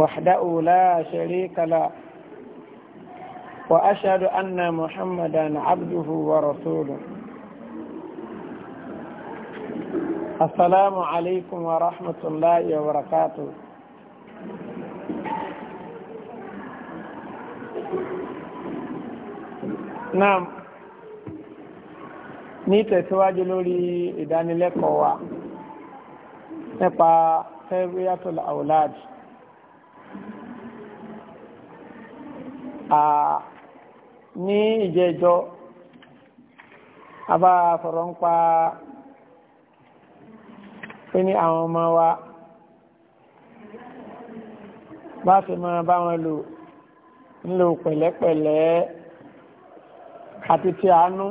وحده لا شريك له وأشهد أن محمدا عبده ورسوله السلام عليكم ورحمة الله وبركاته نعم نيت tẹ̀síwájú lórí ìdánilẹ́kọ̀ọ́ wa nípa fẹ́ríyàtọ̀ àwòláàdì ní ìjẹjọ́ abá fọ̀rọ̀ ń pa pé ní àwọn ọmọ wa bá fi mọ́ bá wọn lò ń lò pẹ̀lẹ́pẹ̀lẹ́ àti ti àánú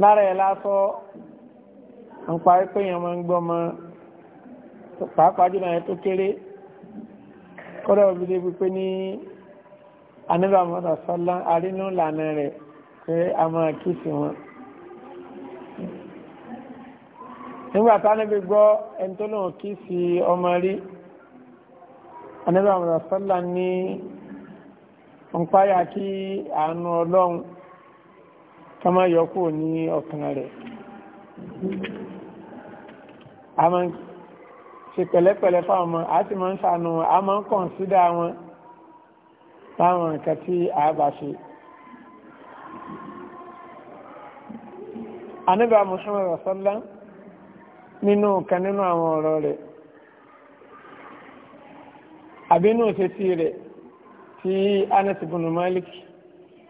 lára ẹ̀ lásọ ń parí pé èèyàn máa ń gbọ́mọ pàápàá jùlọ ẹ̀ tó kéré kọ́dọ̀ bí lè wípé ní anábà mọ́tà sọ́lá arínú lànà rẹ̀ pé a máa kí sí wọn nígbà tánábì gbọ́ ẹni tó lóun kí sí ọmọ rí anábà mọ́tà sọ́lá ní nǹpáyà kí àánú ọlọ́run ká má yọkù ní ọkàn rẹ̀ ṣe pẹ̀lẹ́pẹ̀lẹ́ fáwọn ọmọ a sì máa ń sànù wọn a máa ń kọ̀ǹsídà wọn táwọn nǹkan tí a bá ṣe. anábà Muhammad rasọ́lá nínú kan nínú àwọn ọ̀rọ̀ rẹ̀ àbínú òṣèṣì rẹ̀ tí Anas ibn Malik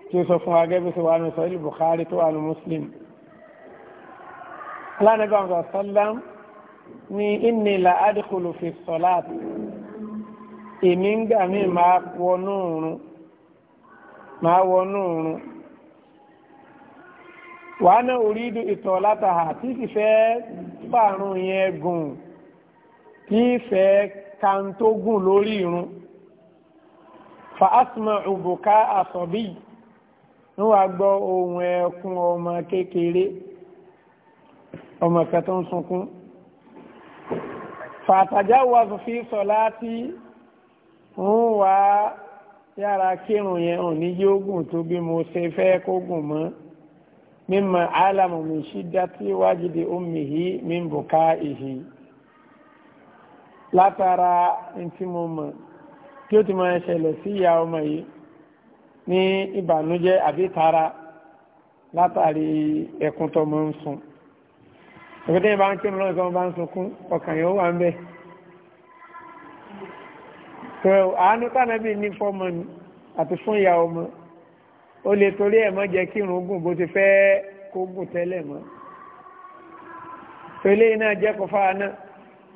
tí ó sọ fún agẹ́bí tó wà ní sọ́ọ́lì Bukhari tó wà ní Muslim. alánàbà rasọ́lá ní ìnìlà adìkòlò fi sọ̀láàt èmi ń gbà mí máa wọnú òrun máa wọnú òrun wàá náà orí ìtọ̀ látàhà tí sì fẹ́ fàrùn yẹn gùn tí fẹ́ kantógùn lórí irun fa asma òbùká àsọ̀bí ń wá gbọ́ ohun ẹkún ọmọ kékeré ọmọ kẹtọ́ ń sunkún fàtàjáwàzù fi sọ̀láti ń wá yára kírun yẹn hàn ní yóògùn tó bí mo ṣe fẹ́ kógùn mọ́ mímọ alamu mi ṣídá tí wájìdí omihi mi ń bùká ìhì látara ntí mo mọ̀ tí ó ti máa ṣẹlẹ̀ sí ìyá ọmọ yìí ní ìbànújẹ́ àbí tara látàrí ẹkún mọ́ ń sùn ọ̀gẹ́dẹ́ bá ń kírun lọ́nà kan bá ń sunkún ọkàn yóò wà ń bẹ̀. tó àánú tànàbí ní fọ́mọ ni àti fún ìyá ọmọ ó lè torí ẹ̀ mọ́ jẹ́ kírun gùn bó ti fẹ́ kó gùn tẹ́lẹ̀ mọ́. tó eléyìí náà jẹ́ kó fáwa náà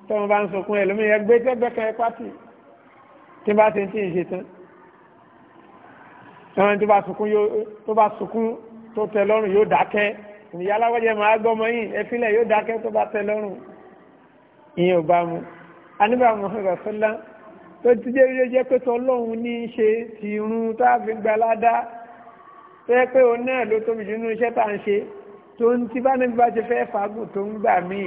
tó wọn bá ń sunkún ẹ̀ lómi ẹgbẹ́ tẹ́gbẹ́ kan ẹ pátì tí bá ti ń tí ì ṣe tán. ẹran tó bá sunkún tó tẹ lọ́rùn yóò dákẹ́ ìyá alágbọ́jẹ́ máa gbọ́mọ yìí ẹfílẹ̀ yóò dákẹ́ tó bá tẹ́ lọ́rùn ìyẹn ò bá mu anígbà mọ̀hánrọ̀ sọ́lá tó ti dé ilé jẹ́ pé tọ́lọ́hun ní í ṣe ti irun tá a fi gba ládá tó yẹ pé òun náà ló tóbi jù nínú iṣẹ́ tá à ń ṣe tó ń ti bá níbi bá ti fẹ́ fàágùn tó ń gbà míì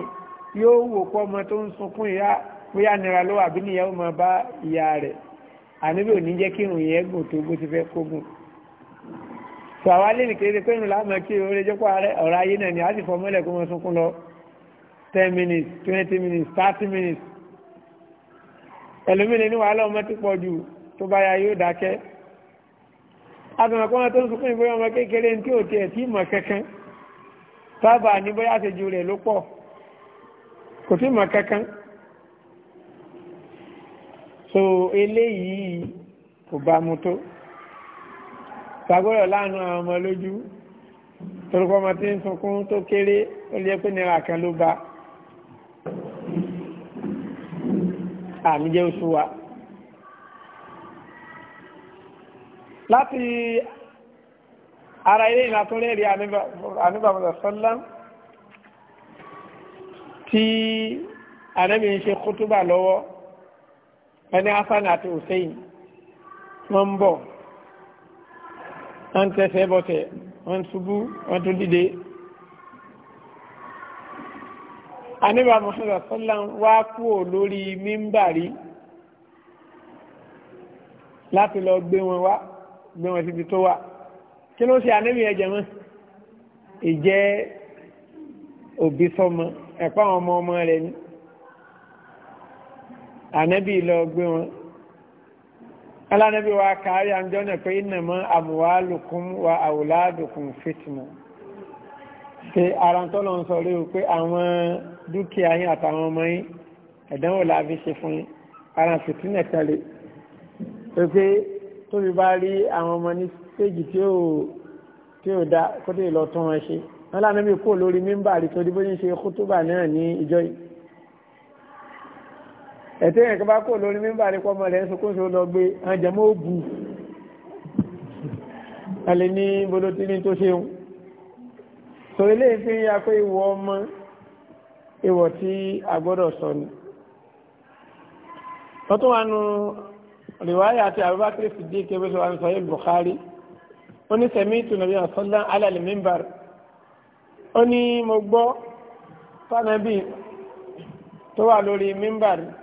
yóò wò pọ́ ọmọ tó ń sunkún ìyá bóyá nira lọ́wọ́ àbí níyàwó máa bá ìyá rẹ̀ àníbẹ̀ ò ní jẹ́ kírun yẹn gùn tó bó ti fẹ́ kó sọ àwa lè ní kéde pé nùlá mọ̀ kí oore jẹ́ kó ọ̀rọ̀ ayé náà ni a sì fọmọ́lẹ̀ kó mọ́ sunkún lọ 10 minutes 20 minutes 30 minutes ẹlòmínì ní wàhálà ọmọ ti pọ̀ jù tó bá ya yóò dákẹ́ agbọ̀n kọ́nà tó ń sunkún ìbóyá ọmọ kékeré ní tí ò tiẹ̀ tí mọ̀ kankan sábà ní bóyá àṣejù rẹ̀ ló pọ̀ kò tí mọ̀ kankan so eléyìí kò bá mu tó sàgbọ́dọ̀ láàánú àwọn ọmọ lójú torúkọ ọmọ tí ń sunkún tó kéré ó lè pé nira kan ló bá àmì jẹ́ oṣù wa láti ara ilé ìlàtúnlẹ̀ rí àníbàmọ̀sọ̀ sọ́lá tí ànábì ń ṣe kútúbà lọ́wọ́ ẹni hasan àti hussein wọ́n ń bọ̀ wọ́n tẹ́sẹ̀ bọ́tẹ̀ wọ́n ṣubú wọ́n tún dìde aníbà Muhammad sallam wá kúrò lórí mímbàrí láti lọ gbé wọn wá gbé wọn síbi tó wà kí ló ṣe aníbì ẹ̀jẹ̀ mọ́ ìjẹ́ òbí sọmọ ẹ̀pá àwọn ọmọ ọmọ rẹ̀ ni aníbì lọ gbé wọn alánàbí wa kárí àjọ́ náà pé iná mọ́ àmúwálùkún wa àwòládùkún fitna pé ara tọ́lọ ń sọ rí o pé àwọn dúkìá yín àtàwọn ọmọ yín ẹ̀dánwò láàbí ṣe fún yín ara fìtínà tẹ̀lé pé pé tóbi bá rí àwọn ọmọ ní stéèjì tí ó tí ó dá kó tó lọ tún wọn ṣe wọn lánàbí kó lórí mímbà rí torí bó ní ṣe kútúbà náà ní ìjọ ẹ̀tẹ́ yẹn kọba kò lórí mímbà ní pọ́mọ rẹ̀ ṣokúnṣe lọ gbé àjẹmọ́ òbú alẹ́ ní bolotí tó ṣeun so ilé ìfín ya pé ìwọ ọmọ ìwọ̀ tí a gbọ́dọ̀ sọ ni tọ́tún wa nu rìwáyà àti Abubakar Siddiq kébé sọ wọn sọyé Bukhari ó ní sẹ̀mí ìtùnàbí àsọ́lá alẹ́ mímbà ó ní mo gbọ́ fánàbí tó wà lórí mímbà rẹ̀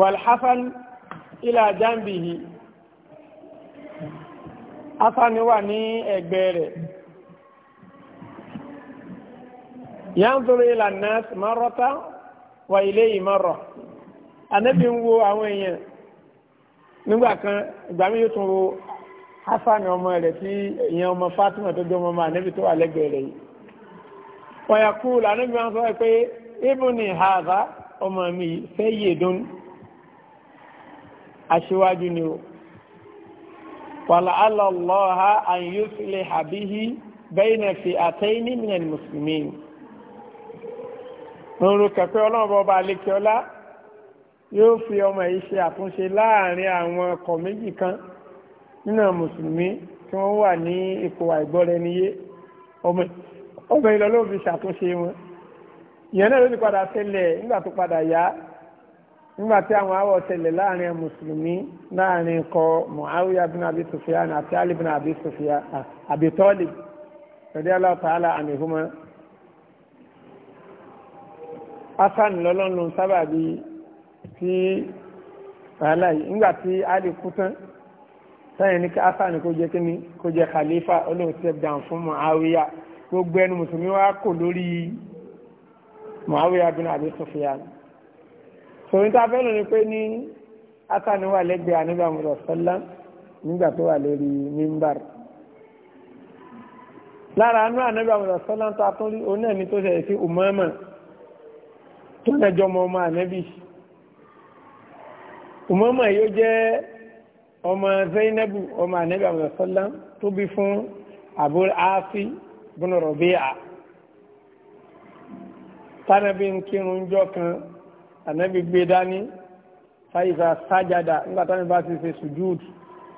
wàlhásán ilà jambi yìí asani wà ní ẹ̀gbẹ́ rẹ̀ yanzuru ilà nas marrata wà ilé yìí marra anabi ń wo àwọn èèyàn nígbà kan ìgbà mi yóò tún wo hasan ọmọ rẹ̀ tí ìyẹn ọmọ fatima tó jẹ́ ọmọ ọmọ anabi tó wà lẹ́gbẹ̀ẹ́ rẹ̀ yìí wọ́n yà kúrò anabi wọn sọ pé ibùn ni haza ọmọ mi fẹ́ yé dún. aṣíwájú ni o wàlá alọ́lọ́ha àyùsílẹ̀ àbíhí bẹ́yìn fi àtẹ́yìn nínú mùsùlùmí lóòrùn kẹfẹ́ ọlọ́run ọba alẹ́kẹ́ọ́lá yóò fi ọmọ yìí ṣe àtúnṣe láàrin àwọn ọkọ̀ méjì kan nínú mùsùlùmí tí wọ́n wà ní ipò àìgbọ́rẹniyé ọmọ ọmọ fi ṣàtúnṣe wọn ìyẹn náà ló ti padà ṣẹlẹ̀ nígbà tó padà yá nígbà tí àwọn awọ tẹlẹ láàrin mùsùlùmí láàrin kọ muawiya bin abi sufiyan àti ali bin abi sufiyan abi tọ́lì rẹ̀dí aláwọ̀tàlá àmìhúmọ́ hasan lọ́lọ́run sábàbí tí wàhálà yìí nígbà tí ali kú tán sẹ́yìn ní kí hasan kó jẹ́ kíní kó jẹ́ khalifa olóhùn step down fún muawiya gbogbo ẹnu mùsùlùmí wa kò lórí muawiya bin abi sufiyan sòyìn tá a fẹ́ lò ní pé ní asani wà lẹ́gbẹ̀ẹ́ àníbà mọ̀lọ́ sọ́lá nígbà tó wà lórí mímbàr lára anú àníbà mọ̀lọ́ sọ́lá tó a tún rí òun náà tó ṣẹlẹ̀ sí umama tó lẹ́jọ́ ọmọ ọmọ ànẹ́bì umama yóò jẹ́ ọmọ zainabu ọmọ ànẹ́bì mọ̀lọ́ sọ́lá tó bí fún abu afi bùnú rọ̀bíà tánàbí ń kírun jọ kan ànábì gbé dání fàyíṣà sájàdà nígbà táwọn bá ti ṣe sùjúùdù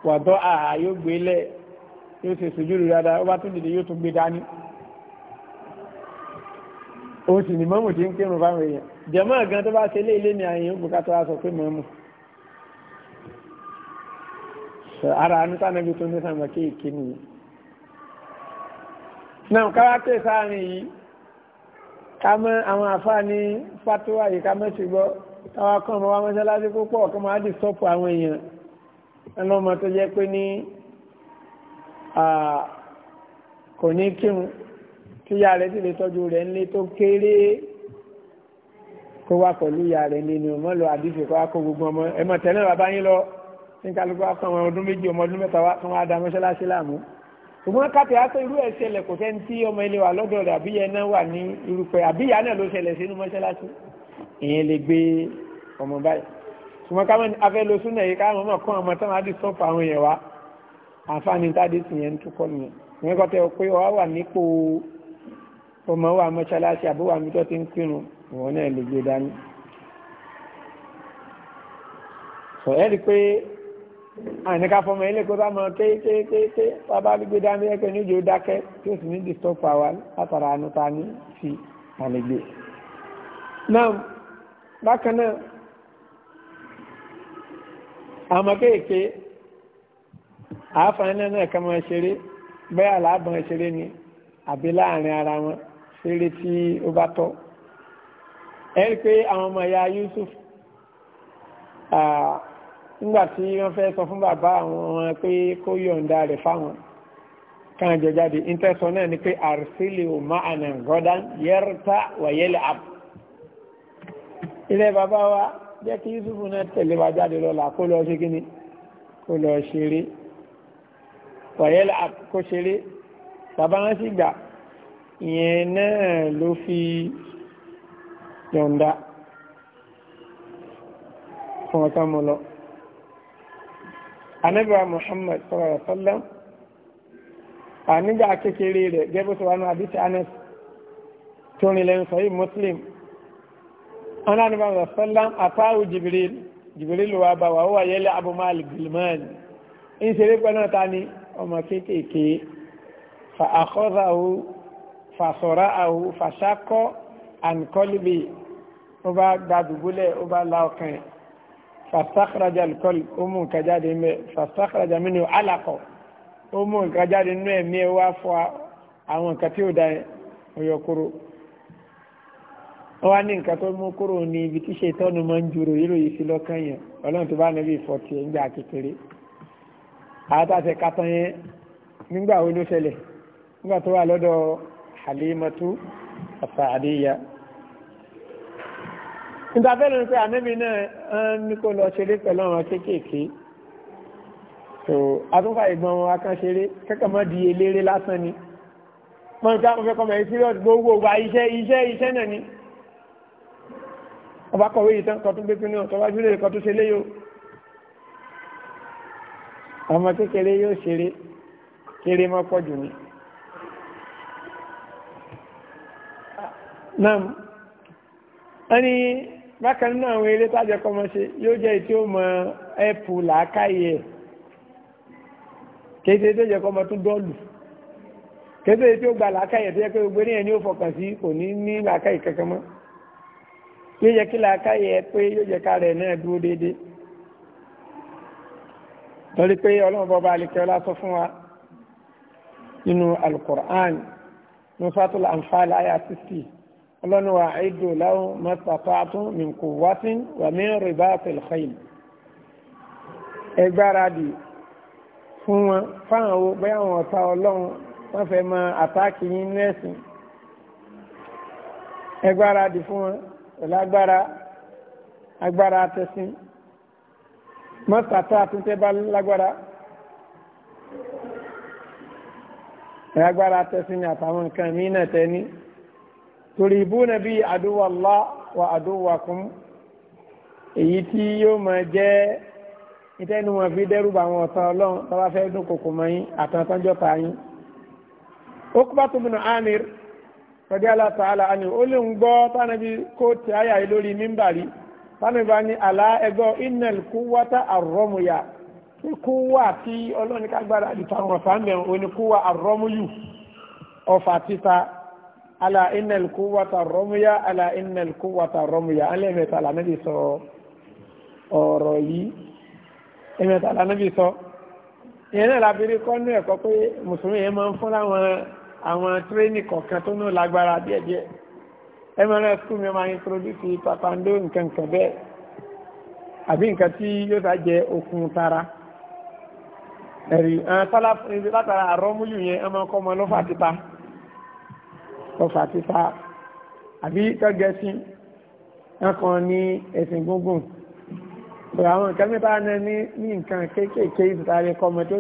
wàdọ́ àhà yóò gbé lẹ̀ yóò ṣe sùjúùdù dáadáa ó bá tún dìde yóò tún gbé dání ó sì ní mọ́mù tí ń kírun fáwọn èèyàn jẹ̀mọ́ gan tó bá ṣe lé ilé ní àyìn òkú kátó aṣọ pé mọ́mù ara anúta ànábì tó ní sàmà kéèké nìyí náà káwá kéè sáárín yìí kámọ́ àwọn àfáà ní fatuwa yìí kámọ́ ṣùgbọ́ táwa kàn mọ́ wa mọ́ṣáláṣí púpọ̀ kọ́ máa dì sọ́pù àwọn èèyàn ẹlọ́mọ tó jẹ́ pé ní kò ní kírun kí ìyá rẹ̀ sì lè tọ́jú rẹ̀ ńlé tó kéré kó wá pẹ̀lú ìyá rẹ̀ ńlé ni ọmọ lọ àdìsí kó wá kó gbogbo ọmọ ẹ mọ̀ bàbá yín lọ ní kálukú akọ àwọn ọdún méjì ọmọ ọdún mẹ́ta wá tó wá da mọ́ṣáláṣí láàmú ṣùgbọ́n kápẹ́ á pé irú ẹ̀ ṣẹlẹ̀ kò sẹ́ni tí ọmọ ilé wa lọ́dọ̀ rẹ̀ àbíyẹ náà wà ní irúfẹ́ àbíyá náà ló ṣẹlẹ̀ sínú mọ́ṣáláṣí ìyẹn lè gbé ọmọ báyìí ṣùgbọ́n ká mọ́ni afẹ́ lo súnà yìí káwọn ọmọ kan ọmọ táwọn adì sọ́ọ̀pù àwọn èèyàn wa àǹfààní tádé sì yẹn ń túkọ́ nìyẹn ìyẹn kọ́ pé ọ wà nípò ọmọ wa mọ́ṣáláṣí àbúwà mi tó ti ń kírun ìwọ náà lè gbé dání. sọ ẹ́ rí pé àníká fọmọ ilé kó sámọ kéékéékéé bàbá gbígbé dání ẹkẹ ní ìjọ dákẹ́ tí ó sì ní distop àwa látara àánú ta ní fi àlejò náà bákan náà àmọ́ kéèké àáfàá náà náà kàn máa ṣeré bẹ́ẹ̀ àlábọn ìṣeré ni àbí láàrin ara wọn ṣeré tí ó bá tọ́ ẹ rí pé àwọn ọmọ ìyá Yusuf nígbà tí wọ́n fẹ́ sọ fún bàbá àwọn pé kó yọ̀ǹda rẹ̀ fáwọn kan jọ jáde ìtẹ́sọ náà ni pé àrísílẹ̀ ò má àná gọ́dán yẹ́rẹ́ta wàyẹ́lẹ̀ àp ilẹ̀ bàbá wa jẹ́ kí Yusufu náà tẹ̀lé wa jáde lọ́la kó lọ ṣe kíni kó lọ ṣeré wàyẹ́lẹ̀ àp kó ṣeré bàbá wọn sì gbà ìyẹn náà ló fi yọ̀ǹda fún ọ̀tá mu lọ anábìá muhammad sallallahu alaihi wa sallam nígbà kékeré rẹ̀ gẹ́gbẹ́ sọ wánú àdíṣẹ́ anas tó rìn lẹ́nu sọ yìí muslim ọ̀nà nígbà sallam àtàwù jibril jibril wà bá wà wà yẹlẹ̀ abu malik gilman ń ṣeré pẹ́ náà ta ni ọmọ kéékèèké fa akhadhahu fa sara'ahu fa shaqqa an qalbi ó bá gbàdúgbólẹ̀ ó bá la ọkàn fàtàkìrajà alkọ́l ó mú nǹkan jáde ń bẹ fàtàkìrajà mí ni alakọ̀ ó mú nǹkan jáde nínú ẹ̀mí ẹ̀ wá fọ àwọn nǹkan tí ó da yẹn ó yọ kúrò ó wá ní nǹkan tó mú kúrò ní ibi tí ṣètọ́nu máa ń juro yìí lòyìí sí lọ́kàn yẹn ọlọ́run tó bá níbi ìfọ̀tì ẹ̀ ń gbà kékeré àtàtẹ̀ katan yẹn nígbà wo ló ṣẹlẹ̀ nígbà tó wà lọ́dọ̀ Halimatu Asadiya ìtafẹ́lẹ̀ ni pé ànẹ́bí náà ní kó lọ ṣeré pẹ̀lú àwọn kéékèèké so atúnfà ìgbọ̀n wọn akánṣeré kẹ́kọ̀ọ́ mọ́ di eléré lásán ni wọ́n ti àwọn fẹ́kọ̀ọ́ mẹ́rin serious gbogbo wa iṣẹ́ iṣẹ́ iṣẹ́ náà ni ọba kọ̀wé yìí tán kọ́ tún gbé pinnu ọ̀tọ́ wájú lè kọ́ tún ṣe léyò ọmọ kékeré yóò ṣeré kéré mọ́ pọ̀ jù ni. náà wọ́n bákan náà àwọn eré tájọ kọmọ ṣe yóò jẹ́ tí ó mọ ẹ̀pù làákàyè ẹ̀ kéde tó jẹ́ kọmọ tún dọ́ọ̀lù kéde tí ó gba làákàyè tó yẹ pé gbogbo ní ẹni ó fọkàn sí kò ní ní làákàyè kankan mọ́ yóò jẹ́ kí làákàyè ẹ pé yóò jẹ́ ká rẹ̀ náà dúró déédéé torí pé ọlọ́run bọ́ba alikẹ́ ọlá sọ fún wa nínú alukur'an nusratul anfal aya 60 ọlọ́ni wa àìdò láwọn mastata'tum min quwwatin wa min ribatil khayl ẹ gbáradì fún wọn fáwọn owó bẹ́ẹ̀ àwọn ọ̀tá ọlọ́run wọ́n fẹ́ máa àtáàkì yín nẹ́ẹ̀sìn ẹ fún wọn pẹ̀lú agbára agbára tẹ̀sìn mastata'tum tẹ́ bá lágbára ẹ agbára tẹ̀sìn àtàwọn nǹkan mí náà tẹ́ ní tòrìbùnà bíi àdúwà Allah wa àdúwà kún èyí tí yóò máa jẹ́ ìtẹ́nu wọn fi dẹ́rùbà àwọn ọ̀tá ọlọ́run tó bá fẹ́ dún kòkò mọ́ yín àtàntánjọ́ ta yín Ukbatu bin Amir radi Allah ta'ala anhu ó lè ń gbọ́ tánàbí kó ti àyà yìí lórí mímbàrí tánàbí bá ní àlá ẹgbọ́ innal quwwata ar-ramya kúwà tí ọlọ́run kágbára àdìtà àwọn ọ̀fà ń bẹ̀rù oníkúwà ar ọ̀fà títa ala inna al-quwwata ala inna al-quwwata ar-ramya alẹ́ mẹ́ta lànàbì sọ ọ̀rọ̀ yìí ẹ̀mẹ́ta lànàbì sọ ìyẹn náà lábẹ́rẹ́ kọ́ ní ẹ̀kọ́ pé mùsùlùmí yẹn máa ń fún láwọn àwọn tírénì kọ̀ọ̀kan tó ní lágbára díẹ̀díẹ̀ mrs school mi máa ń introduce papando nǹkan kan àbí nǹkan tí yóò sá jẹ okun tara ẹ̀rí látara àrọ́múyù yẹn ọmọ ọkọ̀ ọmọ lọ́fà títa ọfà títa àbí tọ́gẹ̀ẹ́sì ẹ̀kan ní ẹ̀sìn gúngùn ọ̀rọ̀ àwọn nǹkan mẹ́ta náà ní nǹkan kéékèèké ìtàrí kọmọ tó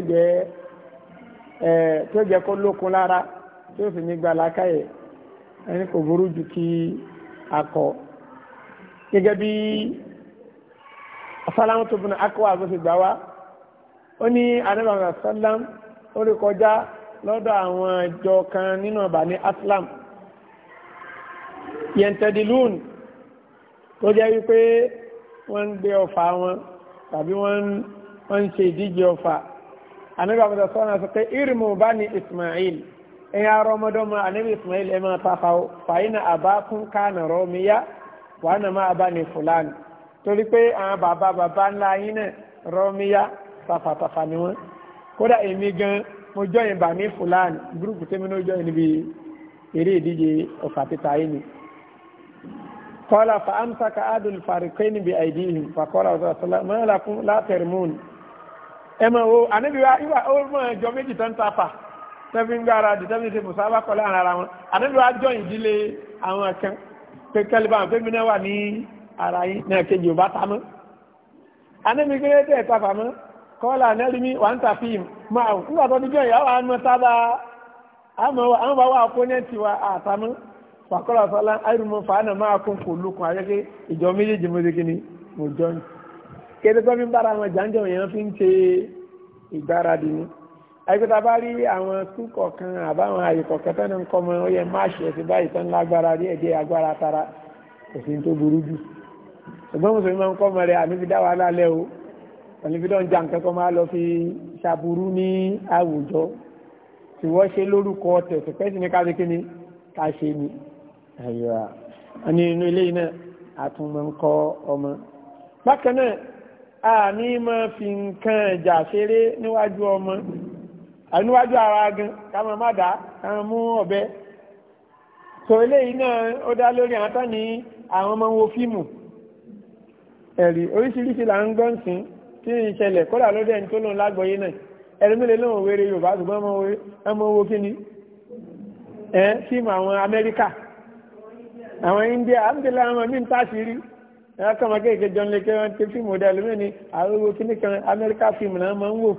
jẹ́ kó lókun lára tó sì ní gbalákàyè ẹni kò burú ju kí akọ gẹ́gẹ́ bí asalamu tó bùnà akọ àgbèsè gbà wá ó ní anábàmì asalam ó rí kọjá lọ́dọ̀ àwọn ìjọ kan nínú ọ̀bà ní aslam yẹntẹdilún tó jẹ́ wípé wọ́n ń gbé ọfà wọn tàbí wọ́n ń ṣe ìdíje ọfà anabi abudu sọ́nà sọ pé irimu bá ní ismail ẹ̀yà rọmọdọ́mọ anabi ismail ẹ̀ máa ta fàáyínà àbákún kánà rọmíyá wàá nà máa bá ní fúlàní torí pé àwọn bàbá bàbá ńlá yín náà rọmíyá tafàtafà ni wọn kódà èmi gan mo jọyìn bá ní fúlàní gúrùpù tẹ́mi ní ó jọyìn níbi eré ìdíje ọ̀fà títa yìí ni. قال فأمسك أحد الفريقين بأيديهم فقال رسول الله صلى الله عليه وسلم ما لكم لا ترمون ẹmọ wo anabi wa iwa ọmọ ẹjọ méjì tó ń tafa tẹbi ń gbára di tẹbi ń ṣe musaba kọlẹ ara wọn anabi wa jọ ìdílé àwọn kan pé kẹlẹbà àwọn pẹmí náà wà ní ara yín náà kejì ò bá ta mọ anabi kéré tẹ ẹ tafa mọ kọlà anẹrìmí wà ń tafi yìí máa fàkọ́lá sọ́lá àìrùmọ̀ fàánà máa kún kò lókun àjẹ́kẹ́ ìjọ méjèèjì mo ṣe kíni mo jọ ní kẹ́tẹ́tọ́ fi bára wọn jàǹjọ̀ yẹn fi ń ṣe ìgbáradì ni àìkúta bá rí àwọn skul kọ̀ọ̀kan àbáwọn àyè kọ̀ọ̀kan tẹ́nu ń kọ́ mọ ó yẹ máàṣì ẹ̀sìn báyìí tán lágbára rí ẹ̀dẹ́ agbára tara kò sí tó burú jù ṣùgbọ́n mùsùlùmí máa ń kọ́ mọ rẹ̀ àní fi dá wa lálẹ́ o àní fi dán jàǹkẹ́ kọ́ máa lọ fi ṣàbùrú ní ṣe ni àyíwá ní inú ilé iná àtúnmọ̀ ń kọ́ ọmọ bákan náà a ní mọ́ fi nǹkan ẹ̀jà ṣeré níwájú ọmọ níwájú ara gan káwọn má dá káwọn mú ọ̀bẹ so eléyìí náà ó dá lórí àwọn tán ní àwọn ọmọ wo fíìmù ẹ̀rí oríṣiríṣi là ń gbọ́n sí tí ìṣẹ̀lẹ̀ kódà ló dẹ̀ ń tó lóun lágbọ́yé náà ẹ̀rí mélòó lóun wéré yorùbá ṣùgbọ́n ọmọ wo kí ni ẹ̀ fíìmù àwọn amẹ́ríkà àwọn india alhamdulilayi àwọn míì ń tà sí ẹ kọ́ máa kéèké john leke wọn ti fíìmù dẹ lómi ni àwọn ewu kíní kan amẹ́ríkà fíìmù náà máa ń wò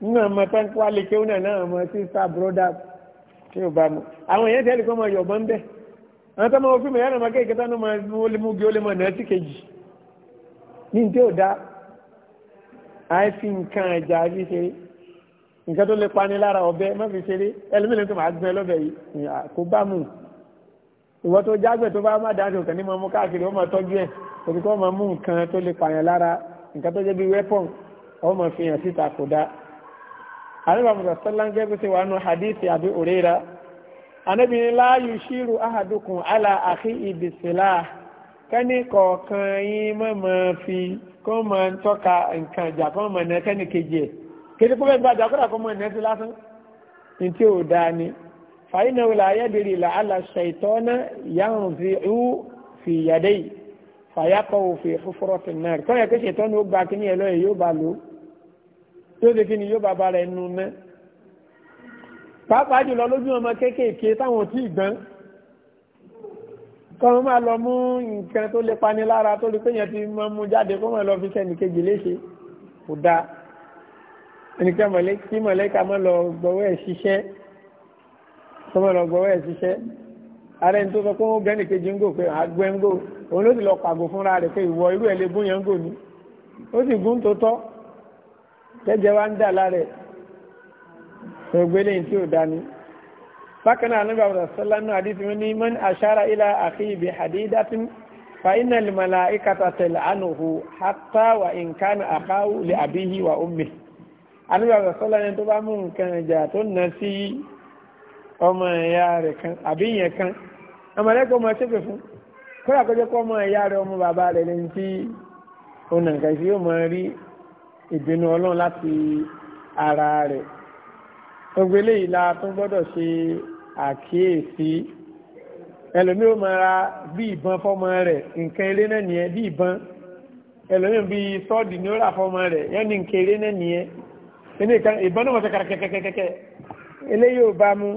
nínú àmọ́ pẹ́ńkú aleke wọn náà àmọ́ sísá broda tí ò bá mu àwọn èèyàn tẹ́lẹ̀ kọ́ máa yọ̀ bọ́n bẹ́ẹ̀ àwọn tó máa wọ fíìmù yàrá máa kéèké tó náà máa mú olè mú gé olè mọ̀ náà sí kejì ní ní tí ò dá àìsí nǹkan ẹ̀já bí ṣe nǹkan tó lè pani lára ọ̀bẹ má fi ṣeré ẹlòmíràn tó máa gbẹ lọ́bẹ̀ yìí kò bá mu ìwọ́n tó jágbẹ̀ tó bá má dáńtò kàn ní mọ́ mú káàkiri ó mọ̀ tọ́jú ẹ̀ òbí kọ́ mọ̀ mú nǹkan tó lè pààyàn lára nǹkan tó jẹ́ bí wẹ́pọ̀n ó fi hàn síta kò dá. àríwá mọ̀tà sọ́láńgẹ́ bí ti wà nù hadithi àbí òrera anábì ní la yushiru ahadukum ala akhi ibisila kẹ́ni kọ̀ọ̀kan yín mọ̀ mọ̀ fi kó mọ̀ ń tọ́ka nǹkan ìjà kó mọ̀ ná kẹ́ni kejì ẹ̀ kéde kó fàyínà wùlà ayébìrì làálà ṣètọ́nà yàrùn fi hù fi yàdé fàyàkọ̀ òfin fúfúrọ̀ tì náà kọ́ yẹ kí ṣètọ́nà ó gba kíní ẹ̀ lọ́yẹ̀ yóò bá lò yóò ṣe kíni yóò bá bá rẹ̀ nu ná pàápàá jùlọ lójú ọmọ kéékèèké táwọn ò tí gbọ́n kọ́ máa lọ mú nǹkan tó lè pani lára tó lè péyàn ti máa mú jáde kó máa lọ fi sẹ́ni kejì léṣe kò dáa ẹnìkan mọ̀lẹ́kí mọ̀lẹ́ka máa lọ gbọ́wọ́ ẹ̀ ṣiṣẹ́ kọ́mọ̀lọ́ gbọ́wọ́ ẹ̀ ṣiṣẹ́ ààrẹ tó sọ pé wọ́n gbẹ́ nìkejì ń gò pé àgbẹ̀ ń gò òun ló sì lọ pàgò fúnra rẹ̀ pé ìwọ irú ẹ̀ lè gún yẹn ń gò ní ó sì gún tó tọ́ tẹ́jẹ́ wá ń dà lára ẹ̀ ògbé lẹ́yìn tí ó dání bákan náà nígbà wọ́n sọ́lá náà àdí tí ní mọ́n àṣára ilá àkíyèbí àdídátún fa iná lèmọ̀lá ìkàtà tẹ̀lé ànùhù hátà wà nǹkan àkáwù lè àbíyí wà ó mẹ́ àníbà wọ́n sọ́lá tó bá mú nǹkan ìjà tó nà sí ọmọ ẹ̀yà rẹ̀ kan àbí ìyẹn kan ọmọlẹ́kọ̀ọ́ ọmọ ṣépè fún kódà kó jẹ́ kó ọmọ ẹ̀yà rẹ̀ ọmọ bàbá rẹ̀ lẹ́yìn tí ó nà yóò máa rí ìbínú ọlọ́run láti ara rẹ̀ gbogbo eléyìí la tún gbọ́dọ̀ ṣe àkíyèsí ẹlòmíì ó máa ra bí ìbọn fọmọ rẹ̀ nǹkan eré náà nìyẹn bí ìbọn ẹlòmíì bí sọ́ọ̀dì ni ó rà fọmọ rẹ̀ yẹn ní nǹkan eré náà nìyẹn ìbọn náà wọ́n ṣe kàrà kẹ́kẹ́kẹ́kẹ́ eléyìí ò bá mu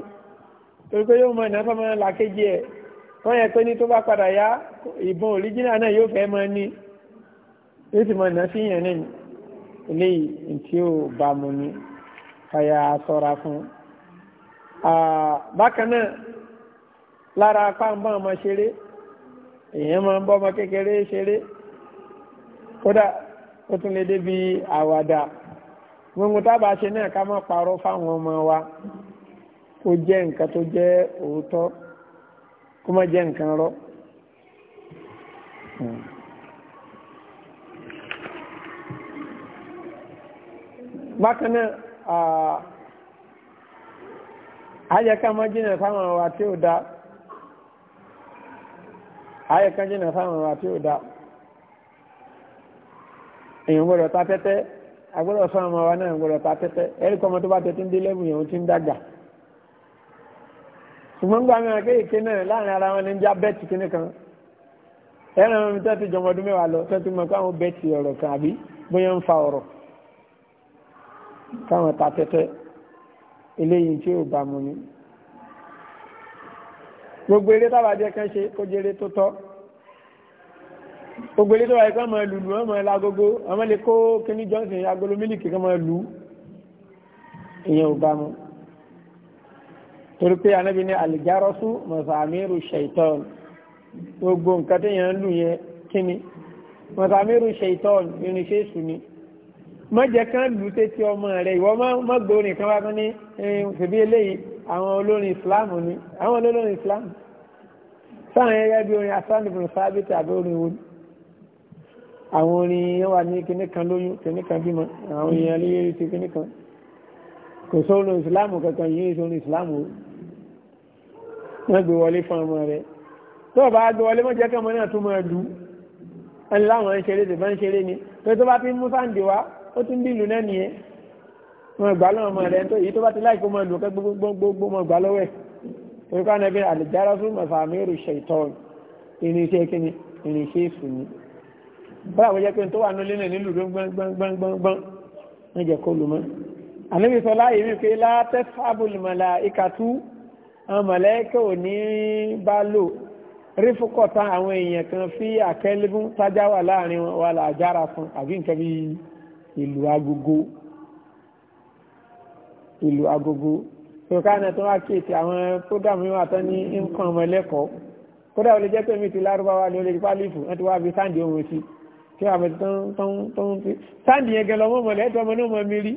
torí pé yóò mọ ìná fọmọ làkejì ẹ̀ wọ́n yẹ pé ní tó bá padà yá ìbọn òríjìnà náà yóò fẹ́ mọ ní yóò sì mọ ìná sí yẹn náà eléyìí tí ó bá mu ní kàyà sọ́ra fún. bákan náà lára apá ń bá ọmọ ṣeré èèyàn máa ń bọ́ ọmọ kékeré ṣeré kódà ó tún lè débi àwàdà gbogbo tábà ṣe náà ká má parọ́ fáwọn ọmọ wa kó jẹ́ nǹkan tó jẹ́ òótọ́ kó má jẹ́ nǹkan rọ́ bákan náà ayẹ́ká má jìnà fáwọn ọ̀wà tí ó dá ayẹ́ká jìnà fáwọn ọ̀wà tí ó dá èyàn gbọ́dọ̀ ta tẹ́tẹ́ agbọ́dọ̀ fáwọn ọmọ wa náà gbọ́dọ̀ ta tẹ́tẹ́ ẹ̀rí kọ́mọ tó bá tẹ́tí ń dé lẹ́bùn ti ń dàgbà ṣùgbọ́n gba mi àkéèké náà láàrin ara wọn ní já bẹ́ẹ̀tì kínní kan ẹran mi tó ti jọmọ ọdún mẹ́wàá lọ tó ti mọ bẹ́ẹ̀tì ọ̀rọ̀ kan àbí bóyá ń fa ọ̀rọ̀ káwọn ta tẹ́tẹ́ eléyìí tí ò bá mu ni gbogbo eré tábàjẹ́ kan ṣe kó jẹ́ eré tó tọ́ gbogbo ilé tó wáyé máa lùlù wọn máa lagogo àwọn lè kó kíní Johnson agolo mílìkì kán máa lù ìyẹn ò bá mu torí pé anábì ní alìjárọ́sù mọ̀sàmírù ṣèitọ́n gbogbo nǹkan tó yẹn ń lù yẹn kí ni mọ̀sàmírù ṣèitọ́n irinṣẹ́ èṣù ni mọ̀jẹ̀ kan lù tẹ́tí ọmọ rẹ̀ ìwọ mọ̀gbórin kan wá kan ní ṣèbí eléyìí àwọn olórin Islam ni àwọn olórin Islam sáà yẹn yẹ bí orin asánìbùn sábẹ́tì àbí orin wo ni àwọn orin yẹn wà ní kinní kan lóyún kinní kan bímọ àwọn èèyàn lóyún ti kinní kan kò sóhun Islam kankan yìí sóhun Islam o wọ́n gbé wọlé fún ọmọ rẹ̀ tó bá gbé wọlé mọ́ jẹ́ kọmọ náà tún máa lù ẹni láwọn tẹ̀bá ń ṣeré ni pé tó bá ti mú sáǹdì wá ó tún dìlù náà nìyẹn wọn gbà lọ́wọ́ ọmọ rẹ̀ tó èyí tó bá ti láìkó máa lù kẹ́ gbogbogbò mọ̀ gbà lọ́wọ́ ẹ̀ ni bọ́lá àwọn jẹ́ pé tó wà nílé náà nílùú gbọ́ngbọ́ngbọ́ngbọ́n wọ́n jẹ́ kó lù mọ́ àwọn mọ̀lẹ́kẹ́ ò ní bá lò rífúkọ̀tà àwọn èèyàn kan fi àkẹ́lẹ́gún tájá wà láàrin wọn wà láàjára fún àbí nǹkan bí ìlú agogo ìlú agogo tòká náà tó wá kéètì àwọn prógámù yìí wà ní nǹkan ọmọlẹ́kọ̀ọ́ kódà ó lè jẹ́ pé ti lárúbáwá ni ó lè rí pálífù wọ́n ti wá fi sáǹdì ohun sí kí wọ́n àbẹ̀tẹ̀ tó ń tó ń tó ń sáǹdì yẹn gẹlọ́mọ́ mọ̀lẹ́ tó ọmọ náà mọ̀ mi rí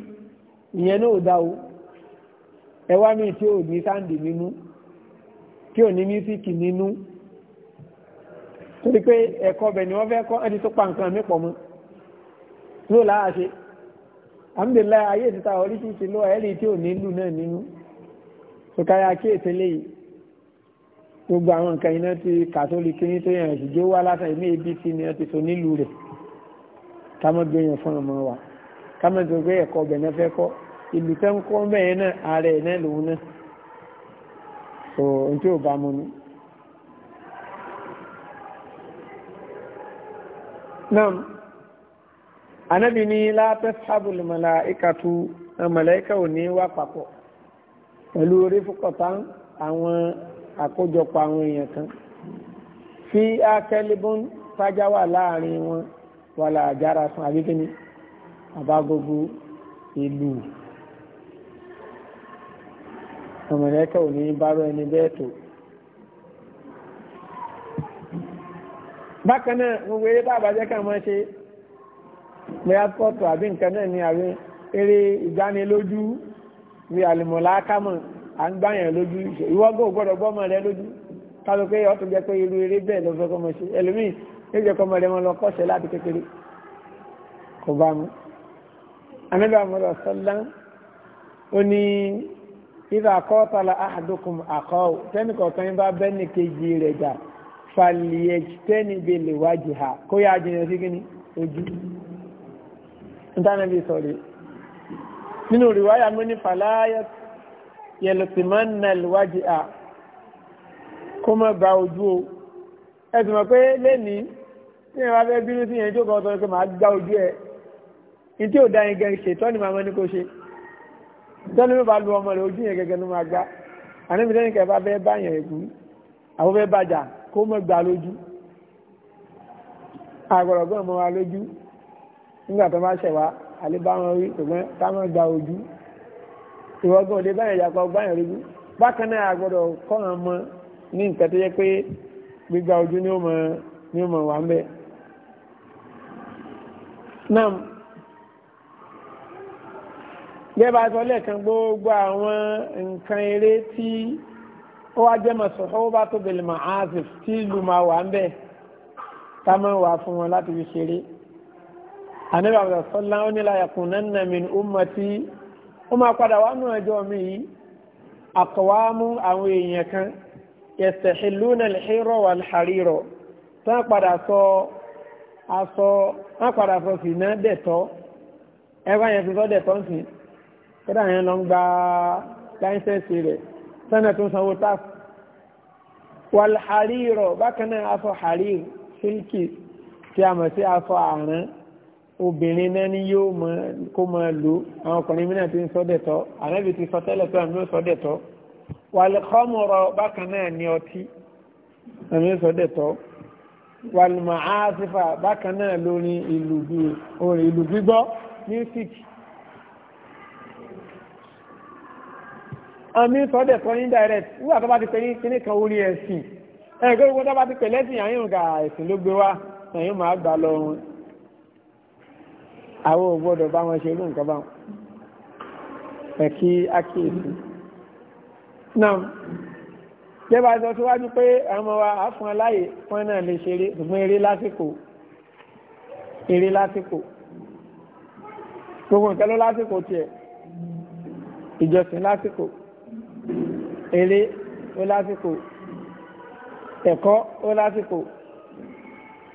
ìyẹn ẹwà mi tí ò ní sáǹdì nínú tí ò ní mísíkì nínú torí pé ẹ̀kọ́ ọbẹ̀ ni wọ́n fẹ́ kọ́ ẹni tó pa nǹkan mi pọ̀ mọ́ ló láà ṣe àmìlẹ̀ ayé ìsìta oríṣiríṣi ló ẹ̀rí tí ò ní lù náà nínú sọkàyà kíyèsí léyìí gbogbo àwọn nǹkan iná ti kàtólíkì ní tó yàn ìṣìjó wá lásán ìmí ibi tí ni wọ́n ti so nílùú rẹ̀ ká mọ́ gbé yẹn fún ọmọ wa ká mọ́ tó gbé ẹ̀kọ́ ọbẹ̀ náà fẹ́ kọ́ ìlú tẹ́ ń kọ́ bẹ́ẹ̀ náà ààrẹ náà lòun náà so n tí ò bá mu ni. nam anabi ni látẹ́ sábùlù màláìkàtú màláìkà ò ní wà papọ̀ pẹ̀lú orí fúkọ̀tà àwọn àkójọpọ̀ àwọn èèyàn kan fi akẹ́lẹ́bọ́n tájá wà láàrin wọn wà láàjára fún àbíkíní àbá gbogbo ìlú mọ̀lẹ́kà ò ní bárò ẹni bẹ́ẹ̀ baka bákan náà gbogbo eré tá àbájẹ́ kà máa ṣe bóyá pọ́ọ̀tù àbí nǹkan náà ní àwọn eré ìdánilójú bí àlùmọ̀lá kámọ̀ à ń gbáyàn lójú ìwọ́gò gbọ́dọ̀ gbọ́mọ̀ rẹ lójú kálọ pé ọ̀tún jẹ́ pé irú eré bẹ́ẹ̀ lọ́fẹ́ kọ́mọ ṣe ẹlòmíì ló jẹ́ kọ́mọ rẹ wọn lọ kọ́ṣẹ́ láti kékeré kò bá mu. anábì àmọ́rọ̀ sọ́lá ó ní ìdá kọ́tàlá àdókùn àkọ́wò tẹ́nì kọ̀ọ̀kan yín bá bẹ́ẹ̀ni kejì rẹ̀ jà fàlìyẹ̀jì tẹ́nì bèlè wájì ha kó yá jìnà sí kíní ojú ìtànàbí sọ̀rọ̀ nínú rìwáyà mú ní fàlàyà yẹlùtìmọ́nà lùwájì ha kó má ba ojú o ẹ̀sùn mọ̀ pé lẹ́ni tí yẹn wá fẹ́ bínú tẹ́lẹ̀ ló bá lu ọmọ rẹ̀ ojú yẹn gẹ́gẹ́ ló máa gbá àníbi lẹ́yìn kẹfà bẹ́ẹ̀ bá yẹn ẹ̀kú àwọn bẹ́ẹ̀ bàjà kó mọ̀ gbà lójú àgbọ̀rọ̀ gbọ́n mọ́ wa lójú nígbà tó bá ṣẹ̀wá àlébáwọn rí ṣùgbọ́n táwọn gba ojú ìwọ́gbọ́n òde báyìí ìyàpọ̀ gbáyìn lójú bákan náà àgbọ̀rọ̀ kọ́ wọn mọ ní nǹkan tó yẹ pé gbígba ojú ni ó mọ wà ń bẹ́ẹ̀ gbẹ́bàá sọ lẹ́ẹ̀kan gbogbo àwọn nǹkan eré tí ó wá jẹ́ mọ̀sán ó bá tó bẹ̀lẹ̀ mọ̀ áàzìf tí ìlú máa wà ń bẹ̀ ká máa wà fún wọn láti fi ṣeré àníbà bàbá sọlá ó nílá yàkùn náà nà mí ó mọ tí ó máa padà wá nù ẹjọ́ mi yìí àkọwámú àwọn èèyàn kan ẹsẹ̀ ìlú náà lẹ́hìnrọ̀ wà lẹ́hàrírọ̀ tán padà sọ aṣọ tán padà sọ sí náà dẹ̀tọ́ ẹgbẹ́ yẹn fi sọ dẹ̀tọ́ sí kódà yẹn lọ ń gba láìsẹ̀nsì rẹ̀ sẹ́nà tó ń sanwó táàkù wàl harírọ̀ bákan náà aṣọ harír sílkì tí a mọ̀ sí aṣọ àrán obìnrin náà ni yóò mọ kó mọ lò àwọn ọkùnrin mìíràn ti ń sọ dẹ̀tọ́ àrẹ́bì ti sọ tẹ́lẹ̀ pé àmì ó sọ dẹ̀tọ́ wàl khamra ni ọtí àmì ó sọ dẹ̀tọ́ wàl ma'azifa bákan lórí ìlù gbígbọ́ music àmì sọ́dẹ̀ sọ ní direct nígbà tó bá ti pè ní kíní kan orí ẹ̀sìn ẹ̀gbẹ́ gbogbo tó bá ti pè lẹ́sìn àyìn òǹkà ẹ̀sìn ló gbé wá ẹ̀yìn máa gbà lọ wọn àwọn ò gbọ́dọ̀ bá wọn ṣe irú nǹkan báwọn ẹ̀kí àkíyèsí náà jẹba sọ síwájú pé àwọn wa àfún aláyè fún náà lè ṣeré ṣùgbọ́n eré lásìkò eré lásìkò gbogbo nǹkan ló lásìkò tiẹ̀ ìjọsìn lásìkò eré ó lásìkò ẹ̀kọ́ ó lásìkò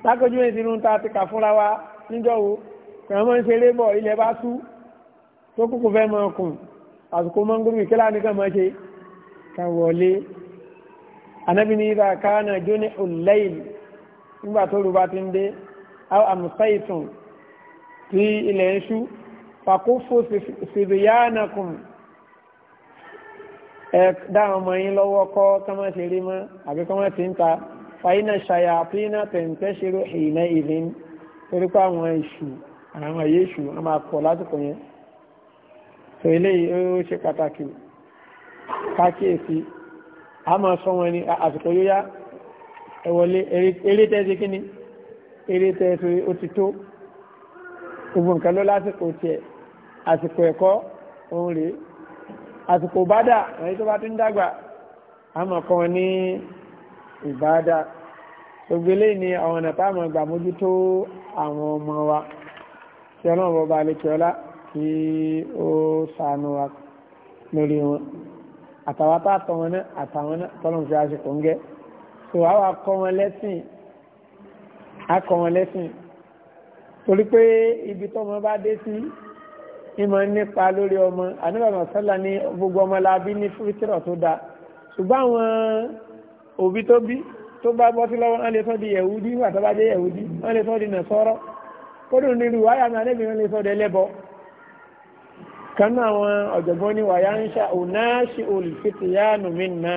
lákòjú ní tinú ta ti kà fúnra wa níjọ́ wo pẹ̀lú mọ́ ń ṣeré bọ̀ ilẹ̀ bá sú tó kúkú fẹ́ mọ́ ọkùn àsìkò mọ́ngúrú ìkílá nìkan mọ́ ṣe ká wọlé anábì ní ìdá kánà jóní ọ̀lẹ́yìn nígbà tó rú bá ti ń dé àmùsáìtùn tí ilẹ̀ ń ṣú fàkófò sèbìyánakùn ẹ dá ọmọ yín lọ́wọ́ kọ́ kọ́mọ́ ti rí mọ́ àbí kọ́mọ́ ti ń ta fàyínà ṣàyà àfihàn tẹ̀ǹtẹ́ ṣerú ìná ìlú torí pé àwọn èṣù àwọn èyí èṣù wọn máa pọ̀ lásìkò yẹn tó eléyìí ó ṣe pàtàkì kákíyèsí a máa sọ wọn ni àsìkò yóò yá ẹ wọlé eré tẹ́sí kíni eré tẹ́sí ó ti tó gbogbo nǹkan ló lásìkò tiẹ̀ àsìkò ẹ̀kọ́ òun rèé àsìkò bádà ẹni tó bá ti ń a àmọ̀ kan ní ìbádà gbogbo eléyìí ni àwọn ọ̀nà táwọn ìgbà mójútó àwọn ọmọ wa tí ọlọ́run bọ́ bá lè kí ọlá kí ó sànú wa lórí wọn àtàwọn tá àtọ wọn náà àtàwọn náà tọ́lọ́run fi àsìkò ń gẹ́ so àwọn akọ wọn lẹ́sìn akọ wọn lẹ́sìn torí pé ibi tọ́mọ bá dé sí ìmọ̀ nípa lórí ọmọ àníbàbà sọ́là ní gbogbo ọmọ lábí ní fúrítírọ̀ tó dáa ṣùgbọ́n àwọn òbí tó bí tó bá bọ́ sí lọ́wọ́ wọ́n lè sọ di yẹ̀wúdí wà tó bá jẹ́ yẹ̀wúdí wọ́n lè sọ di nàṣọ́rọ́ kódùn nílùú wáyà náà lẹ́bi wọ́n lè sọ di ẹlẹ́bọ kan àwọn ọ̀jọ̀gbọ́n ní wàyà ń ṣá ònáṣì olùfitìyánu mi nà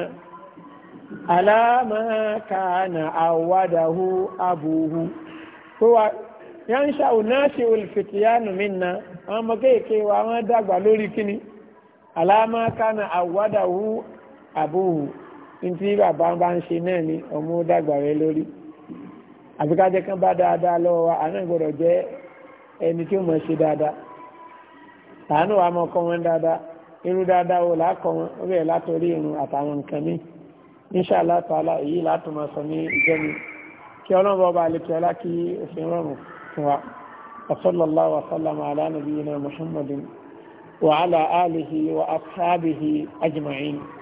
alámàkàánà àwádàhù àbùhù tó wà yà ń ṣá ònáṣì olùfitìyánu mi nà àwọn ọmọ kéèké wa wọ́n dàgbà lórí kíni aláàmà kánà àwádàwú àbúhù ntí bàbá bá ń ṣe náà ni ọmọ dàgbà rẹ lórí àbíkájẹ́ kan bá dáadáa lọ́wọ́ wa àná gbọ́dọ̀ jẹ́ ẹni tí ó mọ̀ ṣe dáadáa tàánù wa mọ̀ kọ́ wọn dáadáa irú dáadáa wo làákọ̀ wọn ó bẹ̀rẹ̀ látòrí irun àtàwọn nǹkan mi inshallah ta'ala èyí látò máa sọ ní ìjọ mi kí ọlọ́run bọ́ bá lè kí kí òfin rọrùn fún wa. وصلى الله وسلم على نبينا محمد وعلى آله وأصحابه أجمعين